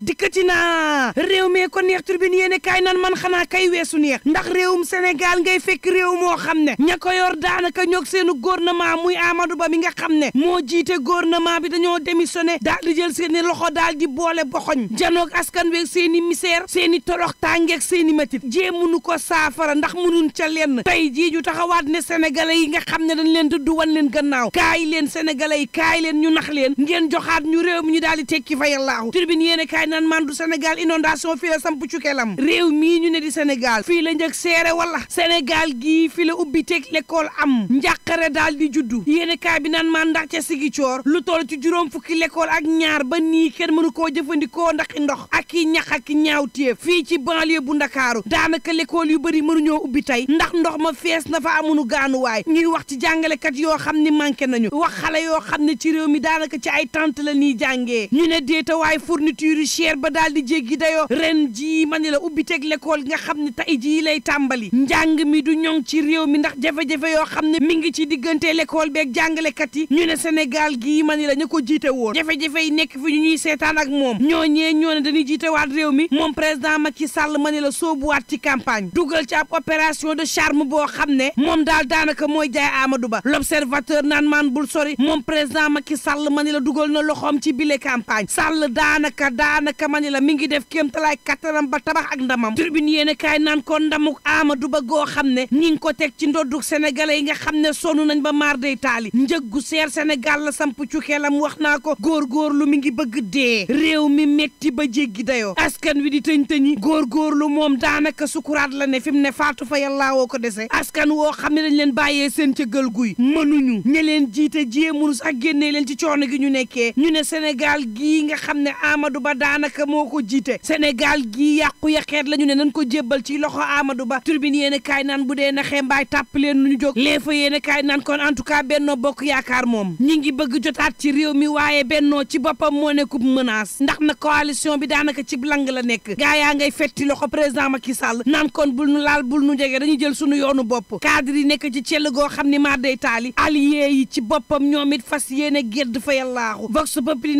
dikkati naa réew mee ko neex turbine yéene kaay nan man xanaa kay weesu neex ndax réewum Sénégal ngay fekk réew moo xam ne ña ko yor daanaka ñoog seenu góor gouvernement muy Amadou Ba mi nga xam ne moo jiite gouvernement bi dañoo démissionné daal di jël seen seeni loxo daal di boole boxoñ janoog askan weeg seeni misère seeni tolox tàngeeg seeni métit jee mënu ko saafara ndax mënuñ ca lenn tey jii ñu taxawaat ne sénégalais yi nga xam ne dañ leen tudd wan leen gannaaw kaay leen sénégalais yi leen ñu nax leen ngeen joxaat ñu réew mi ñu daal di tekki fa yàllaahu turbine yéene nan man du Sénégal inondation fii la samp cukkeelam réew mii ñu ne di Sénégal fii la njëg seere wala Sénégal gi fii la ubbi teg l'école am njàqare daal di juddu yéene kaay bi naan man ndax ca Sigicoor lu toll ci juróom fukki l'école ak ñaar ba nii kenn mënu koo jëfandikoo ndax ndox ak i ñax ak ñaaw téef fii ci banlieue bu Ndakaaru daanaka l'école yu bëri mënuñoo ubbi tey ndax ndox ma fees na fa amunu gaanuwaay ngir wax ci jàngalekat yoo xam ni manqué nañu wax xale yoo xam ne ci réew mi daanaka ci ay tente la nii jàngee ñu ne déeta waay fourniture cher ba daal di jéggi dayoo ren jii ma ne la ubbi teg l'école nga xam ne tey jii lay tàmbali njàng mi du ñoŋ ci réew mi ndax jafe-jafe yoo xam ne mi ngi ci diggante l'école beeg jàngalekat yi ñu ne Sénégal gii ma ni la ñu ko jiite woon jafe-jafe yi nekk fi ñu ñuy seetaan ak moom ñooñee ñoo ne dañuy jiitewaat réew mi moom président Macky Sall ma ne la soobuwaat ci campagne dugal ci ab opération de charme boo xam ne moom daal daanaka mooy jaay Amadou Ba l'observateur naan maan bul sori moom président Macky Sall ma ni la dugal na loxoom ci bile campagne Sall daanaka daan daanaka ma la mi ngi def kéemtalaay kattanam ba tabax ak ndamam tribune yéen kaay naan ko ndamuk Amadou Ba goo xam ne ñi ngi ko teg ci ndoddu sénégalais yi nga xam ne sonn nañ ba maar day taali njëggu seer Sénégal la samp cukkeelam wax naa ko góorgóorlu mi ngi bëgg dee réew mi metti ba jéggi dayoo askan wi di tëñ-tëñi góorgóorlu moom daanaka sukuraat la ne fi mu ne faatu fa yàllaa woo ko dese askan woo xam ne dañ leen bàyyee seen cëggal guy mënuñu ña leen jiite jiyee mënu sax génnee leen ci coono gi ñu nekkee ñu ne Sénégal gii nga xam ne Amadou Ba daanaka moo ko jiite Sénégal gi yàqu yaxeet la ñu ne nañ ko jébbal ci loxo Amadou Ba turbine yéen kaay naan bu dee naxee mbaay tàpp leen lu ñu jóg lee fa yéen kaay naan kon en tout cas bennoo bokk yaakaar moom ñi ngi bëgg jotaat ci réew mi waaye bennoo ci boppam moo nekkub menace ndax na coalition bi daanaka ci lang la nekk gaa yaa ngay fetti loxo président Macky Sall naan kon bul nu laal bul nu jege dañuy jël suñu yoonu bopp cadre nekk ci cell goo xam ne maa day taali allié y ci boppam ñoom it fas yéene gedd fa yàllaaxu vox populi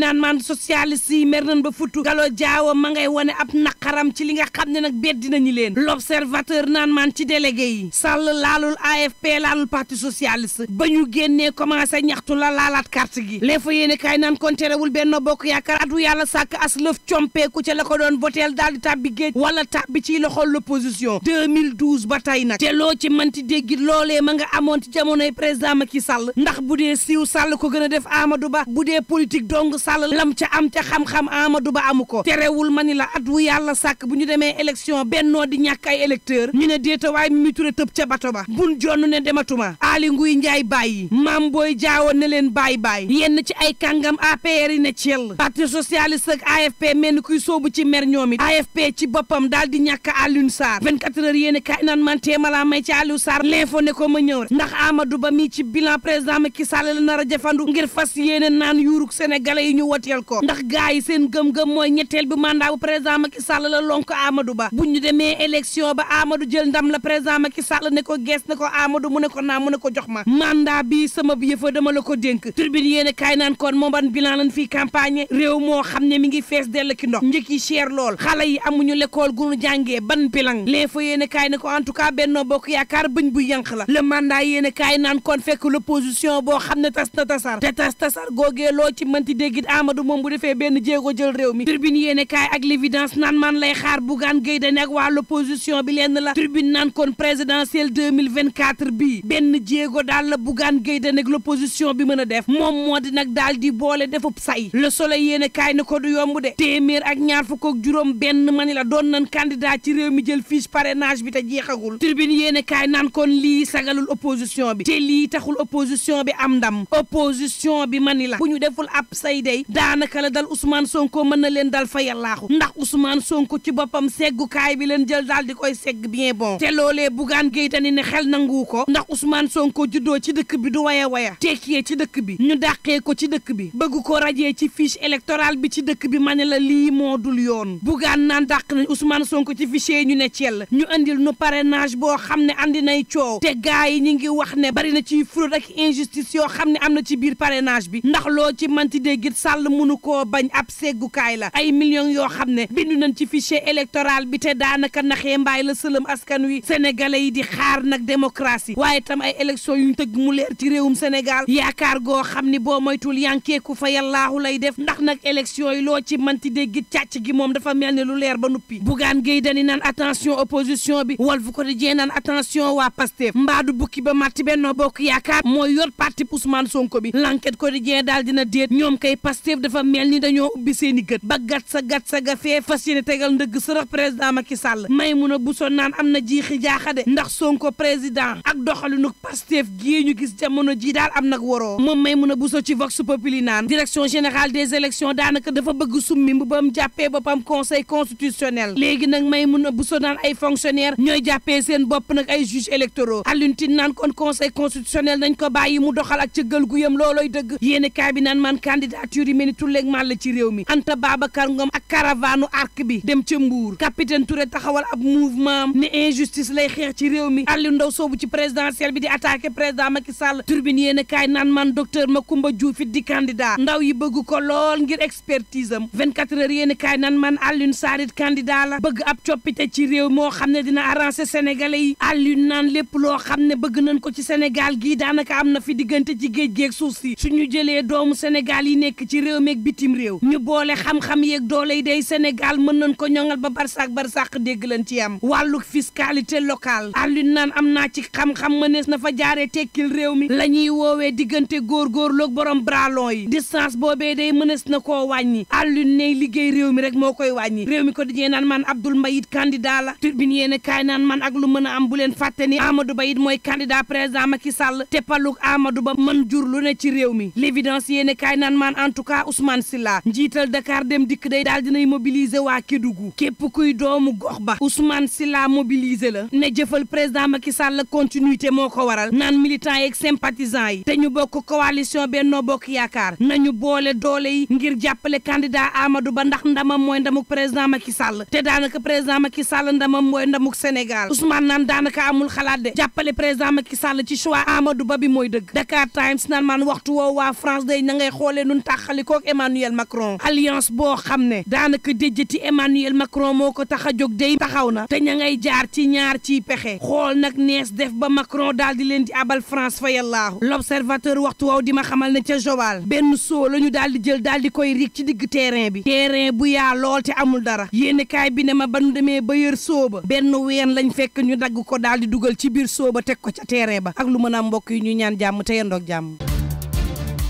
Ngalo Jaawo ma ngay wane ab naqaram ci li nga xam ne nag beddi nañu leen l'observateur naan maan ci délégué yi Sall laalul AFP laalul parti socialiste ba ñu génnee commencé ñaxtu la laalaat carte gi l'info yéene kaay naan kon terewul Benno Bokk Yaakaar atu yàlla sàkk as lëf compeeku ca la ko doon voteel daal di tàbbi géej wala tàbbi ci loxol l'opposition 2012 ba tey nag te loo ci mënti déggit loolee ma nga amoon ci jamonoy président Macky Sall ndax bu dee siiw Sall ko gën a def Amadou Ba bu dee politique dong Sall lam ca am ca xam-xam Amadou Ba amu ko terewul ma ni la at wu yàlla sàkk bu ñu demee élection bennoo di ñàkk ay électeur ñu ne déetawaay Mimi Touré tëb ca bato ba bun jonn ne dematuma Aly Ngouille Ndiaye bàyyi Mame Boye Diao ne leen bàyyi bàyyi yenn ci ay kàngam APR yi ne ciel parti socialiste ak AFP mel ni kuy soobu ci mer ñoom it AFP ci boppam daal di ñàkk Alioune Sarr 24 heures yéen kaay naan man téema laa may ci Alioune Sarr l'info ne ko ma ñëw rek ndax amadu Ba mii ci bilan président ma Sall la nar a jëfandu ngir fas yéene naan yuuruk sénégalais yi ñu woteel ko ndax gaay yi seen gëm-gëm mooy mooy ñetteel bi mandat bu président Macky Sall la lonk Amadou Ba bu ñu demee élection ba Amadou jël ndam la président Macky Sall ne ko gees ne ko Amadou mu ne ko naa mu ne ko jox ma mandat bi sama yëfa dama la ko dénk tribune yéen a kaay naan kon moom ban bilan lan fii campagne réew moo xam ne mi ngi fees dell ki ndox njëkk yi cher lool xale yi amuñu l'école gu ñu jàngee ban bilan l'info kaay ne ko en tout cas Benno Bokk Yaakaar bëñ bu yànq la le mandat yéen a kaay naan kon fekk l'opposition boo xam ne tas na tasar te tas tasar googee loo ci mënti déggit Amadou moom bu defee benn jéego jël réew mi tribune yéene kaay ak l'évidence naan man lay xaar Bougane Gueye Dany ak waa l'opposition bi lenn la tribune naan kon présidentielle 2024 bi benn jéego daal la Bougane Gueye Dany ak l'opposition bi mën a def moom moo di nag daal di boole defub say le soleil yéene kaay ne ko du yomb de téeméer ak ñaar fukk ak juróom benn mani la doon nan candidat ci réew mi jël fiche parrainage bi te jeexagul tribune yéene kaay naan kon lii sagalul opposition bi te lii taxul opposition bi am ndam opposition bi mani la bu ñu deful ab say leen dal fa yallaaxu ndax Ousmane Sonko ci boppam seggukaay bi leen jël daal di koy segg bien bon te loolee Bougane Gueye Dany ne xel nangu ko ndax Ousmane Sonko juddoo ci dëkk bi du waya waya tekkee ci dëkk bi ñu dàqee ko ci dëkk bi bëgg ko rajee ci fiche électorale bi ci dëkk bi ma ne la lii moo dul yoon Bougane naan dàq nañ Ousmane Sonko ci fichier ñu ne ciel ñu andil nu parrainage boo xam ne andi nay coow te gaa yi ngi wax ne bari na ci fraude ak injustice yoo xam ne am na ci biir parrainage bi ndax loo ci manti déggit sàll mënu koo bañ ab seggukaay la la ay millions yoo xam ne bindu nañ ci fichier électoral bi te daanaka naxee mbaay la sëlëm askan wi sénégalais yi di xaar nag démocratie waaye tam ay élection yu ñu tëgg mu leer ci réewum Sénégal yaakaar goo xam ni boo moytul yankeeku fa yàllaahu lay def ndax nag élection yi loo ci manti dégg càcc gi moom dafa mel ni lu leer ba nuppi bugaan géy dani naan attention opposition bi Walf Quotidien naan attention waa Pastef mbaadu bukki ba matti Benno Bokk Yaakaar mooy yor parti Ousmane Sonko bi L'Enquête Quotidien daal dina déet ñoom kay Pastef dafa mel ni dañoo ubbi seeni gët ba gat sa gat sa ga fee fas yéene tegal ndëgg sërëx président Macky may mun a busoon naan am na jiixi jaaxade ndax Sonko président ak doxalinu Pastef gii ñu gis jamono ji daal am nag waroo moom may mun a busoo ci vox i naan direction générale des élections daanaka dafa bëgg summi mbu bam jàppee boppam conseil constitutionnel léegi nag may mun a busoo naan ay fonctionnaire ñooy jàppee seen bopp nag ay juges électoraux alluntin naan kon conseil constitutionnel nañ ko bàyyi mu doxal ak cëggal guyam loolooy dëgg yéene kaay bi naan man yi mel ni tulleeg màll ci réew mi Anta Baba Babacar Ngom ak caravane arc bi dem ca Mbour capitaine Touré taxawal ab mouvement ne injustice lay xeex ci réew mi Aliou Ndao soobu ci présidentielle bi di attaqué président Macky Sall turbine yéen a kaay naan man docteur ma kumba it di candidat ndaw yi bëgg ko lool ngir expertise am 24 heures yéen a kaay naan man Alioune Sarr it candidat la bëgg ab coppite ci réew moo xam ne dina arrangé sénégalais yi Alioune naan lépp loo xam ne bëgg nañ ko ci Sénégal gii daanaka am na fi diggante ci géej géeg suuf si suñu jëlee doomu Sénégal yi nekk ci réew meeg bitim réew am yeeg doole yi day Sénégal mën nañ ko ñoŋal ba barsaak barsaak dégg leen ci am wàllu fiscalité locale Alioune naan am naa ci xam-xam mënees na fa jaaree tekkil réew mi la ñuy woowee diggante góorgóorloog borom bralon yi distance boobee day mënees na koo wàññi Alioune ne liggéey réew mi rek moo koy wàññi réew mi ko dijee naan man Abdoul Mbayit candidat la turbine yéen kaay naan man ak lu mën a am bu leen fàtte ni Amadou Ba it mooy candidat président ma Sall te paluk Amadou Ba mën jur lu ne ci réew mi l'évidence yéen dikk day daal dinay mobiliser waa Kédougou képp kuy doomu gox ba Ousmane Sylla mobiliser la ne jëfal président Macky Sall continuité moo ko waral naan militants yeeg sympathisants yi te ñu bokk coalition Benno Bokk Yaakaar nañu boole doole yi ngir jàppale candidat amadu Ba ndax ndamam mooy ndamuk président Macky Sall te daanaka président Macky Sall ndamam mooy ndamuk Sénégal Ousmane naan daanaka amul xalaat de jàppale président Macky Sall ci choix amadu Ba bi mooy dëgg Dakar Times naan man waxtu woo waa France na ngay xoolee nun tàqali kook Emmanuel Macron alliance boo xam ne daanaka déj déjjati Emmanuel Macron moo ko tax a jóg day taxaw na te ña ngay jaar ci ñaar ciy pexe xool nag nees def ba Macron daal di leen di abal France fa yàllaahu l'observateur waxtu waaw di ma xamal ne ca Joal benn soo la ñu daal di jël daal di koy rig ci digg terrain bi terrain bu yaa lool te amul dara yéen kaay bi ne ma ba nu demee ba yër sooba benn ween lañ fekk ñu dagg ko daal di dugal ci biir sooba teg ko ca terrain ba ak lu mën a mbokk yi ñu ñaan jàmm te yendoog jàmm